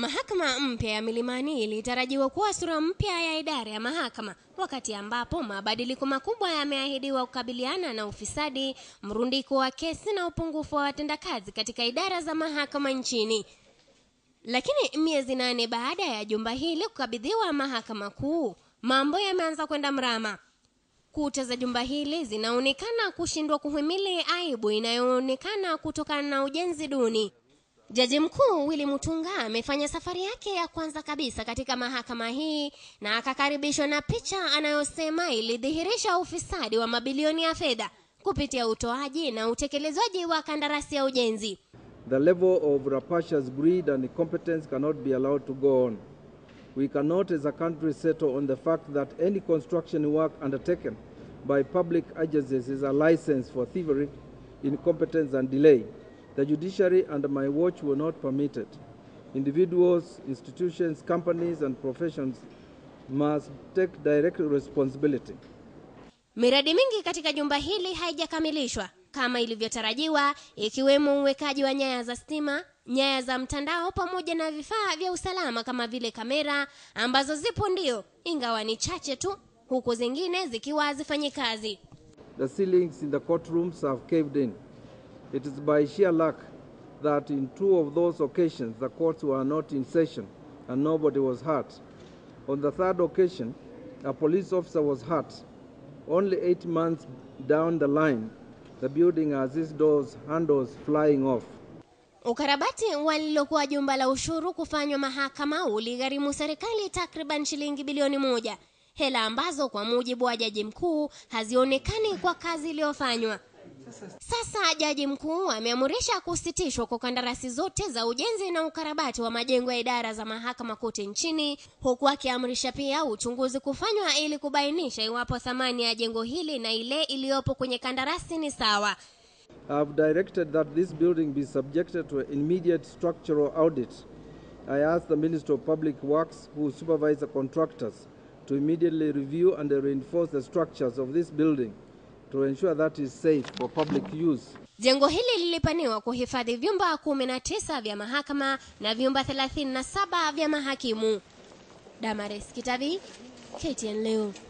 Mahakama mpya ya Milimani ilitarajiwa kuwa sura mpya ya idara ya mahakama wakati ambapo mabadiliko makubwa yameahidiwa kukabiliana na ufisadi, mrundiko wa kesi na upungufu wa watendakazi katika idara za mahakama nchini. Lakini miezi nane baada ya jumba hili kukabidhiwa mahakama kuu, mambo yameanza kwenda mrama. Kuta za jumba hili zinaonekana kushindwa kuhimili aibu inayoonekana kutokana na ujenzi duni. Jaji Mkuu Willy Mutunga amefanya safari yake ya kwanza kabisa katika mahakama hii na akakaribishwa na picha anayosema ilidhihirisha ufisadi wa mabilioni ya fedha kupitia utoaji na utekelezaji wa kandarasi ya ujenzi. The level of rapacious greed and incompetence cannot be allowed to go on. We cannot as a country settle on the fact that any construction work undertaken by public agencies is a license for thievery, incompetence and delay. The judiciary under my watch were not permitted. Individuals, institutions, companies and professions must take direct responsibility. Miradi mingi katika jumba hili haijakamilishwa kama ilivyotarajiwa ikiwemo uwekaji wa nyaya za stima, nyaya za mtandao pamoja na vifaa vya usalama kama vile kamera ambazo zipo ndio, ingawa ni chache tu, huku zingine zikiwa hazifanyi kazi. The ceilings in the courtrooms have caved in. It is by sheer luck that in two of those occasions the courts were not in session and nobody was hurt. On the third occasion, a police officer was hurt. Only eight months down the line, the building has its doors, handles flying off. Ukarabati walilokuwa jumba la ushuru kufanywa mahakama uligharimu serikali takriban shilingi bilioni moja, hela ambazo kwa mujibu wa jaji mkuu hazionekani kwa kazi iliyofanywa. Sasa jaji mkuu ameamurisha kusitishwa kwa kandarasi zote za ujenzi na ukarabati wa majengo ya idara za mahakama kote nchini, huku akiamrisha pia uchunguzi kufanywa ili kubainisha iwapo thamani ya jengo hili na ile iliyopo kwenye kandarasi ni sawa. I have directed that this building be subjected to an immediate structural audit. I ask the Minister of Public Works who supervise the contractors to immediately review and reinforce the structures of this building to ensure that is safe for public use. Jengo hili lilipaniwa kuhifadhi vyumba 19 vya mahakama na vyumba 37 vya mahakimu. Damaris Kitavi, KTN leo.